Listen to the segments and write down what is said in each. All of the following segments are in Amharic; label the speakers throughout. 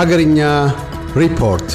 Speaker 1: Hagerinya Report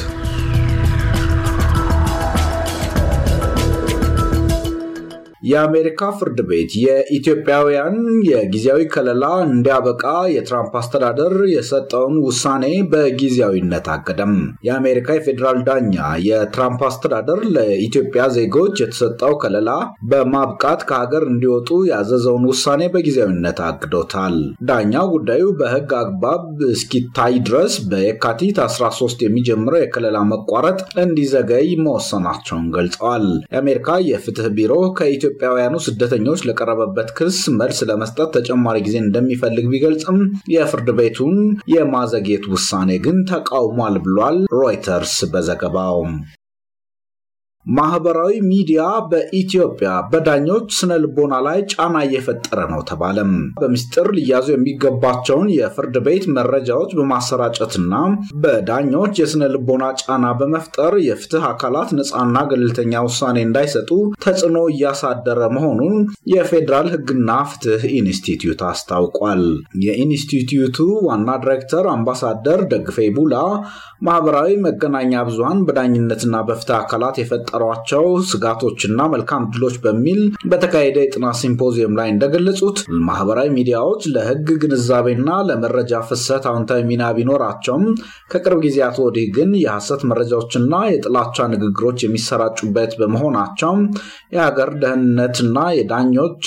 Speaker 1: የአሜሪካ ፍርድ ቤት የኢትዮጵያውያን የጊዜያዊ ከለላ እንዲያበቃ የትራምፕ አስተዳደር የሰጠውን ውሳኔ በጊዜያዊነት አገደም። የአሜሪካ የፌዴራል ዳኛ የትራምፕ አስተዳደር ለኢትዮጵያ ዜጎች የተሰጠው ከለላ በማብቃት ከሀገር እንዲወጡ ያዘዘውን ውሳኔ በጊዜያዊነት አግዶታል። ዳኛው ጉዳዩ በሕግ አግባብ እስኪታይ ድረስ በየካቲት 13 የሚጀምረው የከለላ መቋረጥ እንዲዘገይ መወሰናቸውን ገልጸዋል። የአሜሪካ የፍትህ ቢሮ ከኢትዮ ኢትዮጵያውያኑ ስደተኞች ለቀረበበት ክስ መልስ ለመስጠት ተጨማሪ ጊዜ እንደሚፈልግ ቢገልጽም የፍርድ ቤቱን የማዘግየት ውሳኔ ግን ተቃውሟል ብሏል ሮይተርስ በዘገባው። ማህበራዊ ሚዲያ በኢትዮጵያ በዳኞች ስነ ልቦና ላይ ጫና እየፈጠረ ነው ተባለም። በምስጢር ሊያዙ የሚገባቸውን የፍርድ ቤት መረጃዎች በማሰራጨትና በዳኞች የስነ ልቦና ጫና በመፍጠር የፍትህ አካላት ነፃና ገለልተኛ ውሳኔ እንዳይሰጡ ተጽዕኖ እያሳደረ መሆኑን የፌዴራል ሕግና ፍትህ ኢንስቲትዩት አስታውቋል። የኢንስቲትዩቱ ዋና ዲሬክተር አምባሳደር ደግፌ ቡላ ማህበራዊ መገናኛ ብዙሃን በዳኝነትና በፍትህ አካላት የፈጠ የሚፈጠሯቸው ስጋቶችና መልካም ድሎች በሚል በተካሄደ የጥናት ሲምፖዚየም ላይ እንደገለጹት ማህበራዊ ሚዲያዎች ለህግ ግንዛቤና ለመረጃ ፍሰት አዎንታዊ ሚና ቢኖራቸውም ከቅርብ ጊዜያት ወዲህ ግን የሐሰት መረጃዎችና የጥላቻ ንግግሮች የሚሰራጩበት በመሆናቸው የሀገር ደህንነትና የዳኞች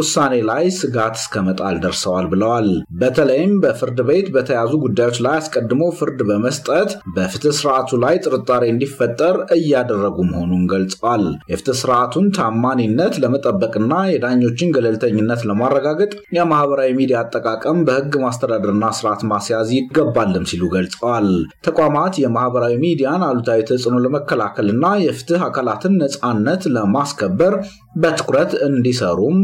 Speaker 1: ውሳኔ ላይ ስጋት እስከመጣል ደርሰዋል ብለዋል። በተለይም በፍርድ ቤት በተያዙ ጉዳዮች ላይ አስቀድሞ ፍርድ በመስጠት በፍትህ ስርዓቱ ላይ ጥርጣሬ እንዲፈጠር እያደረጉ መሆኑ መሆኑን ገልጸዋል። የፍትህ ስርዓቱን ታማኒነት ለመጠበቅና የዳኞችን ገለልተኝነት ለማረጋገጥ የማህበራዊ ሚዲያ አጠቃቀም በህግ ማስተዳደርና ስርዓት ማስያዝ ይገባልም ሲሉ ገልጸዋል። ተቋማት የማህበራዊ ሚዲያን አሉታዊ ተጽዕኖ ለመከላከልና የፍትህ አካላትን ነፃነት ለማስከበር በትኩረት እንዲሰሩም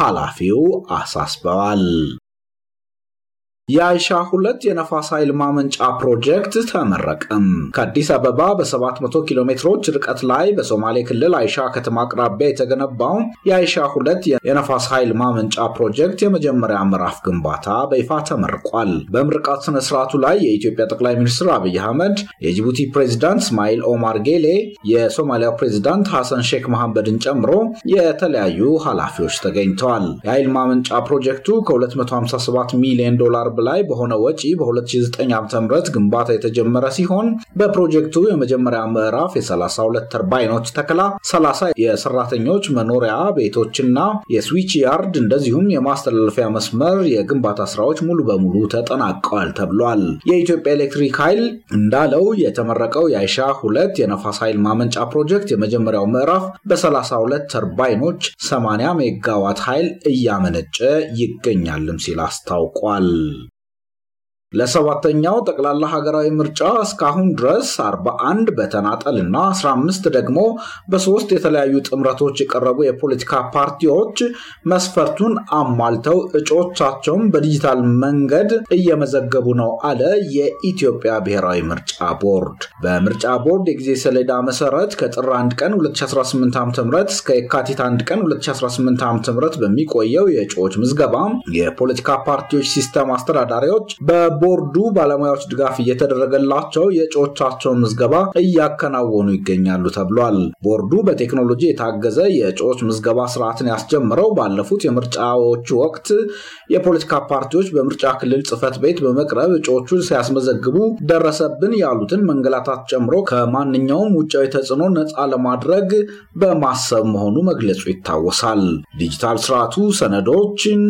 Speaker 1: ኃላፊው አሳስበዋል። የአይሻ ሁለት የነፋስ ኃይል ማመንጫ ፕሮጀክት ተመረቀም። ከአዲስ አበባ በ700 ኪሎ ሜትሮች ርቀት ላይ በሶማሌ ክልል አይሻ ከተማ አቅራቢያ የተገነባው የአይሻ ሁለት የነፋስ ኃይል ማመንጫ ፕሮጀክት የመጀመሪያ ምዕራፍ ግንባታ በይፋ ተመርቋል። በምርቃት ስነ ስርዓቱ ላይ የኢትዮጵያ ጠቅላይ ሚኒስትር አብይ አህመድ፣ የጅቡቲ ፕሬዚዳንት እስማኤል ኦማር ጌሌ፣ የሶማሊያ ፕሬዚዳንት ሐሰን ሼክ መሐመድን ጨምሮ የተለያዩ ኃላፊዎች ተገኝተዋል። የኃይል ማመንጫ ፕሮጀክቱ ከ257 ሚሊዮን ዶላር አርብ ላይ በሆነ ወጪ በ2009 ዓ.ም ግንባታ የተጀመረ ሲሆን በፕሮጀክቱ የመጀመሪያ ምዕራፍ የ32 ተርባይኖች ተከላ፣ 30 የሰራተኞች መኖሪያ ቤቶችና የስዊች ያርድ እንደዚሁም የማስተላለፊያ መስመር የግንባታ ስራዎች ሙሉ በሙሉ ተጠናቀዋል ተብሏል። የኢትዮጵያ ኤሌክትሪክ ኃይል እንዳለው የተመረቀው የአይሻ ሁለት የነፋስ ኃይል ማመንጫ ፕሮጀክት የመጀመሪያው ምዕራፍ በ32 ተርባይኖች 80 ሜጋዋት ኃይል እያመነጨ ይገኛልም ሲል አስታውቋል። ለሰባተኛው ጠቅላላ ሀገራዊ ምርጫ እስካሁን ድረስ 41 በተናጠልና 15 ደግሞ በሶስት የተለያዩ ጥምረቶች የቀረቡ የፖለቲካ ፓርቲዎች መስፈርቱን አሟልተው እጩዎቻቸውን በዲጂታል መንገድ እየመዘገቡ ነው አለ የኢትዮጵያ ብሔራዊ ምርጫ ቦርድ። በምርጫ ቦርድ የጊዜ ሰሌዳ መሰረት ከጥር 1 ቀን 2018 ዓ ም እስከ የካቲት 1 ቀን 2018 ዓ ም በሚቆየው የእጩዎች ምዝገባ የፖለቲካ ፓርቲዎች ሲስተም አስተዳዳሪዎች በ በቦርዱ ባለሙያዎች ድጋፍ እየተደረገላቸው የእጩዎቻቸውን ምዝገባ እያከናወኑ ይገኛሉ ተብሏል። ቦርዱ በቴክኖሎጂ የታገዘ የእጩዎች ምዝገባ ስርዓትን ያስጀምረው ባለፉት የምርጫዎቹ ወቅት የፖለቲካ ፓርቲዎች በምርጫ ክልል ጽህፈት ቤት በመቅረብ እጩዎቹን ሲያስመዘግቡ ደረሰብን ያሉትን መንገላታት ጨምሮ ከማንኛውም ውጫዊ ተጽዕኖ ነፃ ለማድረግ በማሰብ መሆኑ መግለጹ ይታወሳል። ዲጂታል ስርዓቱ ሰነዶችን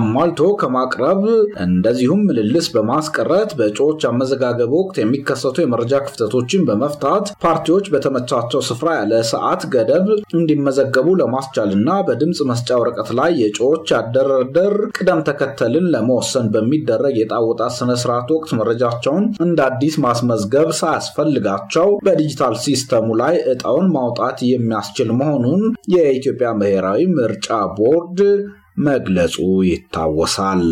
Speaker 1: አሟልቶ ከማቅረብ እንደዚሁም ምልልስ በማ በማስቀረት በእጩዎች አመዘጋገብ ወቅት የሚከሰቱ የመረጃ ክፍተቶችን በመፍታት ፓርቲዎች በተመቻቸው ስፍራ ያለ ሰዓት ገደብ እንዲመዘገቡ ለማስቻልና በድምፅ መስጫ ወረቀት ላይ የእጩዎች አደረደር ቅደም ተከተልን ለመወሰን በሚደረግ የጣውጣት ስነስርዓት ወቅት መረጃቸውን እንደ አዲስ ማስመዝገብ ሳያስፈልጋቸው በዲጂታል ሲስተሙ ላይ እጣውን ማውጣት የሚያስችል መሆኑን የኢትዮጵያ ብሔራዊ ምርጫ ቦርድ መግለጹ ይታወሳል።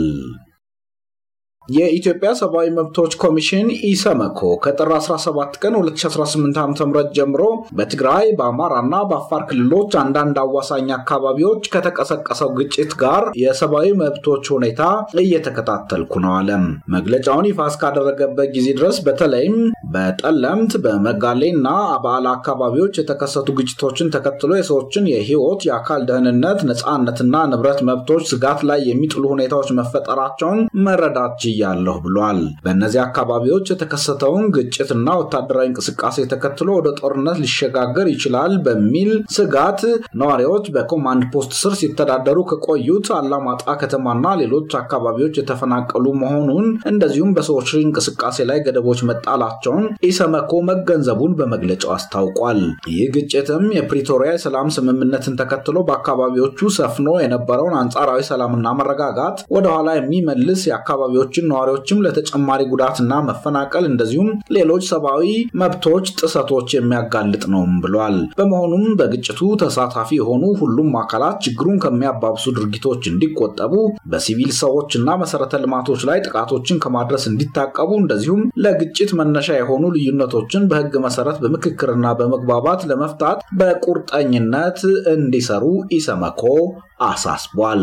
Speaker 1: የኢትዮጵያ ሰብአዊ መብቶች ኮሚሽን ኢሰመኮ ከጥር 17 ቀን 2018 ዓ.ም ጀምሮ በትግራይ በአማራና በአፋር ክልሎች አንዳንድ አዋሳኝ አካባቢዎች ከተቀሰቀሰው ግጭት ጋር የሰብአዊ መብቶች ሁኔታ እየተከታተልኩ ነው አለ። መግለጫውን ይፋ እስካደረገበት ጊዜ ድረስ በተለይም በጠለምት በመጋሌና በአላ አካባቢዎች የተከሰቱ ግጭቶችን ተከትሎ የሰዎችን የህይወት የአካል ደህንነት ነፃነትና ንብረት መብቶች ስጋት ላይ የሚጥሉ ሁኔታዎች መፈጠራቸውን መረዳት ችያለሁ ብሏል። በእነዚህ አካባቢዎች የተከሰተውን ግጭትና ወታደራዊ እንቅስቃሴ ተከትሎ ወደ ጦርነት ሊሸጋገር ይችላል በሚል ስጋት ነዋሪዎች በኮማንድ ፖስት ስር ሲተዳደሩ ከቆዩት አላማጣ ከተማና ሌሎች አካባቢዎች የተፈናቀሉ መሆኑን እንደዚሁም በሰዎች እንቅስቃሴ ላይ ገደቦች መጣላቸውን ኢሰመኮ መገንዘቡን በመግለጫው አስታውቋል። ይህ ግጭትም የፕሪቶሪያ የሰላም ስምምነትን ተከትሎ በአካባቢዎቹ ሰፍኖ የነበረውን አንጻራዊ ሰላምና መረጋጋት ወደኋላ የሚመልስ የአካባቢዎችን ነዋሪዎችም ለተጨማሪ ጉዳትና መፈናቀል እንደዚሁም ሌሎች ሰብአዊ መብቶች ጥሰቶች የሚያጋልጥ ነውም ብሏል። በመሆኑም በግጭቱ ተሳታፊ የሆኑ ሁሉም አካላት ችግሩን ከሚያባብሱ ድርጊቶች እንዲቆጠቡ፣ በሲቪል ሰዎችና መሰረተ ልማቶች ላይ ጥቃቶችን ከማድረስ እንዲታቀቡ፣ እንደዚሁም ለግጭት መነሻ የሆኑ ልዩነቶችን በህግ መሰረት በምክክርና በመግባባት ለመፍታት በቁርጠኝነት እንዲሰሩ ኢሰመኮ አሳስቧል።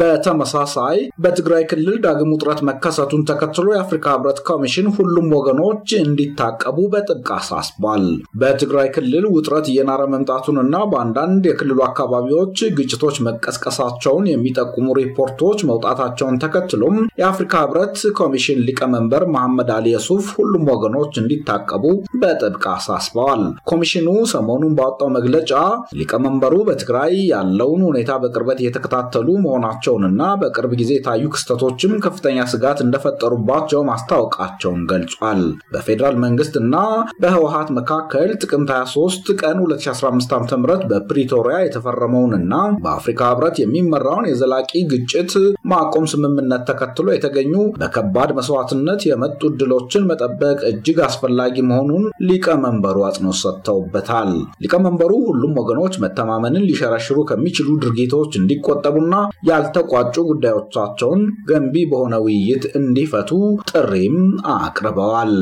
Speaker 1: በተመሳሳይ በትግራይ ክልል ዳግም ውጥረት መከሰቱን ተከትሎ የአፍሪካ ህብረት ኮሚሽን ሁሉም ወገኖች እንዲታቀቡ በጥብቅ አሳስቧል። በትግራይ ክልል ውጥረት እየናረ መምጣቱንና በአንዳንድ የክልሉ አካባቢዎች ግጭቶች መቀስቀሳቸውን የሚጠቁሙ ሪፖርቶች መውጣታቸውን ተከትሎም የአፍሪካ ህብረት ኮሚሽን ሊቀመንበር መሐመድ አሊ የሱፍ ሁሉም ወገኖች እንዲታቀቡ በጥብቅ አሳስበዋል። ኮሚሽኑ ሰሞኑን ባወጣው መግለጫ ሊቀመንበሩ በትግራይ ያለውን ሁኔታ በቅርበት እየተከታተሉ መሆናቸው መሆናቸውንና በቅርብ ጊዜ የታዩ ክስተቶችም ከፍተኛ ስጋት እንደፈጠሩባቸው ማስታወቃቸውን ገልጿል። በፌዴራል መንግስት እና በህወሀት መካከል ጥቅምት 23 ቀን 2015 ዓ.ም በፕሪቶሪያ የተፈረመውንና በአፍሪካ ህብረት የሚመራውን የዘላቂ ግጭት ማቆም ስምምነት ተከትሎ የተገኙ በከባድ መስዋዕትነት የመጡ ድሎችን መጠበቅ እጅግ አስፈላጊ መሆኑን ሊቀመንበሩ አጽንኦት ሰጥተውበታል። ሊቀመንበሩ ሁሉም ወገኖች መተማመንን ሊሸረሽሩ ከሚችሉ ድርጊቶች እንዲቆጠቡና ያል ያልተቋጩ ጉዳዮቻቸውን ገንቢ በሆነ ውይይት እንዲፈቱ ጥሪም አቅርበዋል።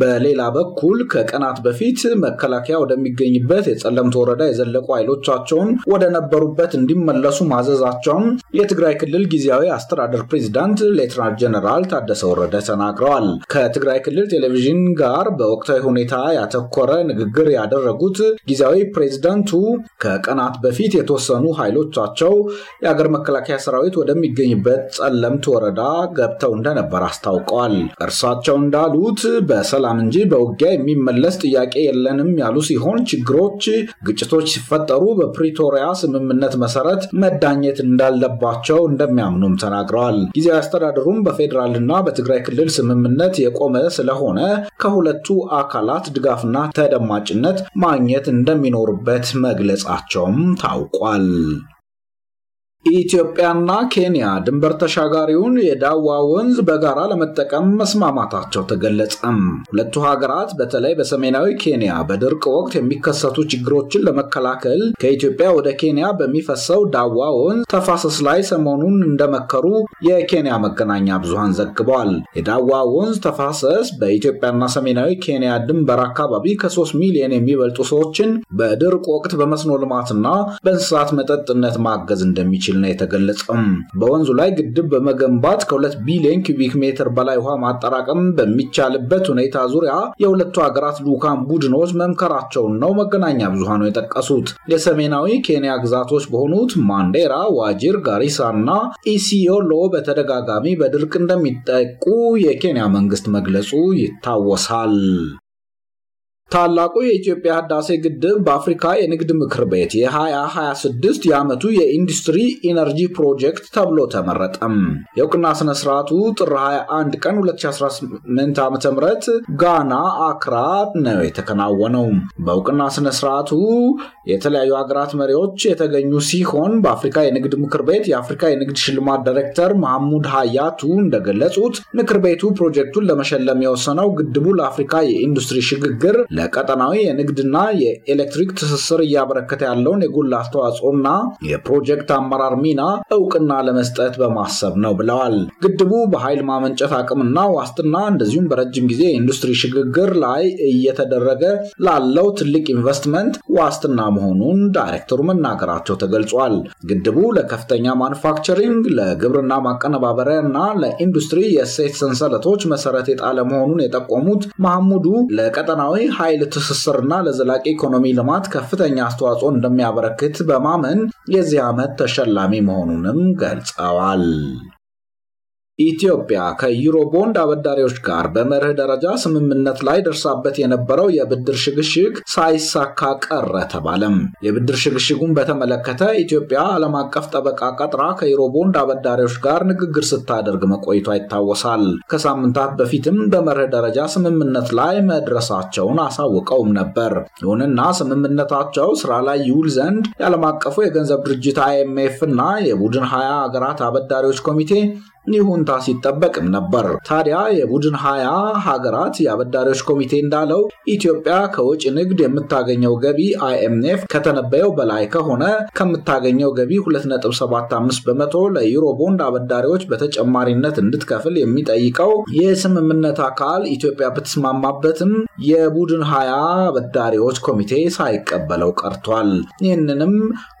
Speaker 1: በሌላ በኩል ከቀናት በፊት መከላከያ ወደሚገኝበት የጸለምት ወረዳ የዘለቁ ኃይሎቻቸውን ወደ ነበሩበት እንዲመለሱ ማዘዛቸውን የትግራይ ክልል ጊዜያዊ አስተዳደር ፕሬዚዳንት ሌትናንት ጀነራል ታደሰ ወረደ ተናግረዋል። ከትግራይ ክልል ቴሌቪዥን ጋር በወቅታዊ ሁኔታ ያተኮረ ንግግር ያደረጉት ጊዜያዊ ፕሬዚዳንቱ ከቀናት በፊት የተወሰኑ ኃይሎቻቸው የአገር መከላከያ ሰራዊት ወደሚገኝበት ጸለምት ወረዳ ገብተው እንደነበር አስታውቀዋል። እርሳቸው እንዳሉት በሰ በሰላም እንጂ በውጊያ የሚመለስ ጥያቄ የለንም ያሉ ሲሆን ችግሮች፣ ግጭቶች ሲፈጠሩ በፕሪቶሪያ ስምምነት መሰረት መዳኘት እንዳለባቸው እንደሚያምኑም ተናግረዋል። ጊዜያዊ አስተዳደሩም በፌዴራልና በትግራይ ክልል ስምምነት የቆመ ስለሆነ ከሁለቱ አካላት ድጋፍና ተደማጭነት ማግኘት እንደሚኖርበት መግለጻቸውም ታውቋል። ኢትዮጵያና ኬንያ ድንበር ተሻጋሪውን የዳዋ ወንዝ በጋራ ለመጠቀም መስማማታቸው ተገለጸም። ሁለቱ ሀገራት በተለይ በሰሜናዊ ኬንያ በድርቅ ወቅት የሚከሰቱ ችግሮችን ለመከላከል ከኢትዮጵያ ወደ ኬንያ በሚፈሰው ዳዋ ወንዝ ተፋሰስ ላይ ሰሞኑን እንደመከሩ የኬንያ መገናኛ ብዙሃን ዘግቧል። የዳዋ ወንዝ ተፋሰስ በኢትዮጵያና ሰሜናዊ ኬንያ ድንበር አካባቢ ከሶስት ሚሊዮን የሚበልጡ ሰዎችን በድርቅ ወቅት በመስኖ ልማትና በእንስሳት መጠጥነት ማገዝ እንደሚችል እንደሚችል ነው የተገለጸም። በወንዙ ላይ ግድብ በመገንባት ከሁለት ቢሊዮን ኪቢክ ሜትር በላይ ውሃ ማጠራቀም በሚቻልበት ሁኔታ ዙሪያ የሁለቱ ሀገራት ልዑካን ቡድኖች መምከራቸውን ነው መገናኛ ብዙሃኑ የጠቀሱት። የሰሜናዊ ኬንያ ግዛቶች በሆኑት ማንዴራ፣ ዋጅር፣ ጋሪሳ እና ኢሲዮሎ በተደጋጋሚ በድርቅ እንደሚጠቁ የኬንያ መንግስት መግለጹ ይታወሳል። ታላቁ የኢትዮጵያ ህዳሴ ግድብ በአፍሪካ የንግድ ምክር ቤት የ2026 የዓመቱ የኢንዱስትሪ ኢነርጂ ፕሮጀክት ተብሎ ተመረጠም። የእውቅና ስነ ስርዓቱ ጥር 21 ቀን 2018 ዓ ም ጋና አክራ ነው የተከናወነው። በእውቅና ስነ ስርዓቱ የተለያዩ ሀገራት መሪዎች የተገኙ ሲሆን በአፍሪካ የንግድ ምክር ቤት የአፍሪካ የንግድ ሽልማት ዳይሬክተር መሐሙድ ሀያቱ እንደገለጹት ምክር ቤቱ ፕሮጀክቱን ለመሸለም የወሰነው ግድቡ ለአፍሪካ የኢንዱስትሪ ሽግግር ለቀጠናዊ የንግድና የኤሌክትሪክ ትስስር እያበረከተ ያለውን የጎላ አስተዋጽኦና የፕሮጀክት አመራር ሚና እውቅና ለመስጠት በማሰብ ነው ብለዋል። ግድቡ በኃይል ማመንጨት አቅምና ዋስትና እንደዚሁም በረጅም ጊዜ የኢንዱስትሪ ሽግግር ላይ እየተደረገ ላለው ትልቅ ኢንቨስትመንት ዋስትና መሆኑን ዳይሬክተሩ መናገራቸው ተገልጿል። ግድቡ ለከፍተኛ ማኑፋክቸሪንግ፣ ለግብርና ማቀነባበሪያ እና ለኢንዱስትሪ የእሴት ሰንሰለቶች መሰረት የጣለ መሆኑን የጠቆሙት መሐሙዱ ለቀጠናዊ ኃይል ትስስርና ለዘላቂ ኢኮኖሚ ልማት ከፍተኛ አስተዋጽኦ እንደሚያበረክት በማመን የዚህ ዓመት ተሸላሚ መሆኑንም ገልጸዋል። ኢትዮጵያ ከዩሮቦንድ አበዳሪዎች ጋር በመርህ ደረጃ ስምምነት ላይ ደርሳበት የነበረው የብድር ሽግሽግ ሳይሳካ ቀረ ተባለም። የብድር ሽግሽጉን በተመለከተ ኢትዮጵያ ዓለም አቀፍ ጠበቃ ቀጥራ ከዩሮ ቦንድ አበዳሪዎች ጋር ንግግር ስታደርግ መቆይቷ ይታወሳል። ከሳምንታት በፊትም በመርህ ደረጃ ስምምነት ላይ መድረሳቸውን አሳውቀውም ነበር። ይሁንና ስምምነታቸው ስራ ላይ ይውል ዘንድ የዓለም አቀፉ የገንዘብ ድርጅት አይኤምኤፍ እና የቡድን ሀያ አገራት አበዳሪዎች ኮሚቴ ይሁንታ ሲጠበቅም ነበር። ታዲያ የቡድን ሀያ ሀገራት የአበዳሪዎች ኮሚቴ እንዳለው ኢትዮጵያ ከውጭ ንግድ የምታገኘው ገቢ አይኤምኤፍ ከተነበየው በላይ ከሆነ ከምታገኘው ገቢ 2.75 በመቶ ለዩሮ ቦንድ አበዳሪዎች በተጨማሪነት እንድትከፍል የሚጠይቀው የስምምነት አካል ኢትዮጵያ ብትስማማበትም የቡድን ሀያ አበዳሪዎች ኮሚቴ ሳይቀበለው ቀርቷል። ይህንንም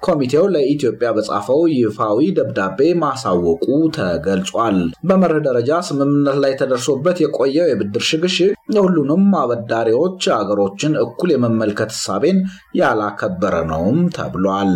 Speaker 1: ኮሚቴው ለኢትዮጵያ በጻፈው ይፋዊ ደብዳቤ ማሳወቁ ተገልጿል። ገልጿል። በመርህ ደረጃ ስምምነት ላይ ተደርሶበት የቆየው የብድር ሽግሽግ የሁሉንም አበዳሪዎች አገሮችን እኩል የመመልከት ሳቤን ያላከበረ ነውም ተብሏል።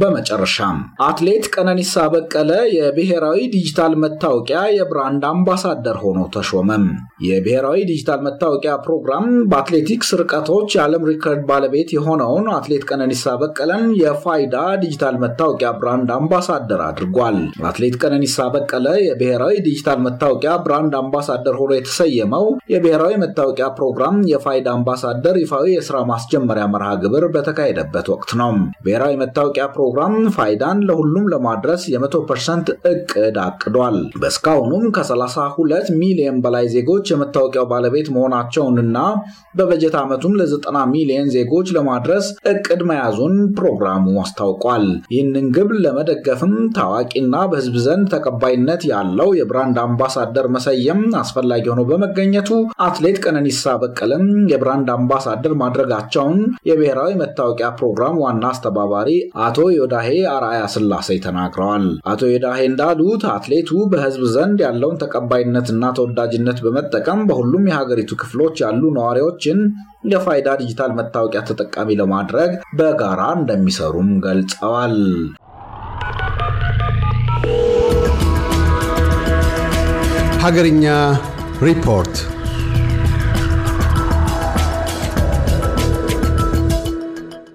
Speaker 1: በመጨረሻም አትሌት ቀነኒሳ በቀለ የብሔራዊ ዲጂታል መታወቂያ የብራንድ አምባሳደር ሆኖ ተሾመም። የብሔራዊ ዲጂታል መታወቂያ ፕሮግራም በአትሌቲክስ ርቀቶች የዓለም ሪከርድ ባለቤት የሆነውን አትሌት ቀነኒሳ በቀለን የፋይዳ ዲጂታል መታወቂያ ብራንድ አምባሳደር አድርጓል። አትሌት ቀነኒሳ በቀለ የብሔራዊ ዲጂታል መታወቂያ ብራንድ አምባሳደር ሆኖ የተሰየመው የብሔራዊ መታወቂያ ፕሮግራም የፋይዳ አምባሳደር ይፋዊ የስራ ማስጀመሪያ መርሃ ግብር በተካሄደበት ወቅት ነው። ብሔራዊ መታወቂያ ፕሮግራም ፋይዳን ለሁሉም ለማድረስ የ ፐርሰንት እቅድ አቅዷል። በእስካሁኑም ከ32 ሚሊዮን በላይ ዜጎች የመታወቂያው ባለቤት መሆናቸውንና በበጀት ዓመቱም ለ90 ሚሊዮን ዜጎች ለማድረስ እቅድ መያዙን ፕሮግራሙ አስታውቋል። ይህንን ግብ ለመደገፍም ታዋቂና በህዝብ ዘንድ ተቀባይነት ያለው የብራንድ አምባሳደር መሰየም አስፈላጊ ሆኖ በመገኘቱ አትሌት ቀነኒሳ በቀለም የብራንድ አምባሳደር ማድረጋቸውን የብሔራዊ መታወቂያ ፕሮግራም ዋና አስተባባሪ አቶ ዮዳሄ አርአያ ስላሴ ተናግረዋል። አቶ ዮዳሄ እንዳሉት አትሌቱ በህዝብ ዘንድ ያለውን ተቀባይነትና ተወዳጅነት በመጠቀም በሁሉም የሀገሪቱ ክፍሎች ያሉ ነዋሪዎችን የፋይዳ ዲጂታል መታወቂያ ተጠቃሚ ለማድረግ በጋራ እንደሚሰሩም ገልጸዋል። ሀገርኛ ሪፖርት